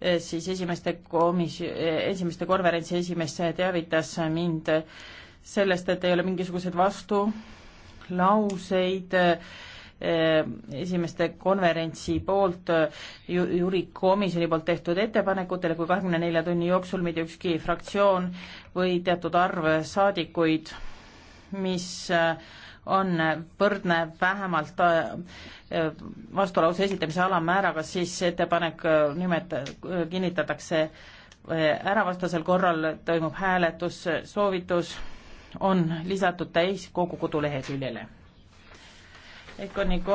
Eh, siis esimeste komis-, eh, esimeste konverentsi esimees teavitas mind sellest, et ei ole mingisuguseid vastulauseid eh, esimeste konverentsi poolt ju,, juri komisjoni poolt tehtud ettepanekutele, kui kahekümne nelja tunni jooksul mitte ükski fraktsioon või teatud arv saadikuid mis äh, on võrdne vähemalt äh, vastulause esitamise alammääraga, siis ettepanek äh, nimet-, kinnitatakse ära, vastasel korral toimub hääletus, soovitus on lisatud täiskogu koduleheküljele. Econico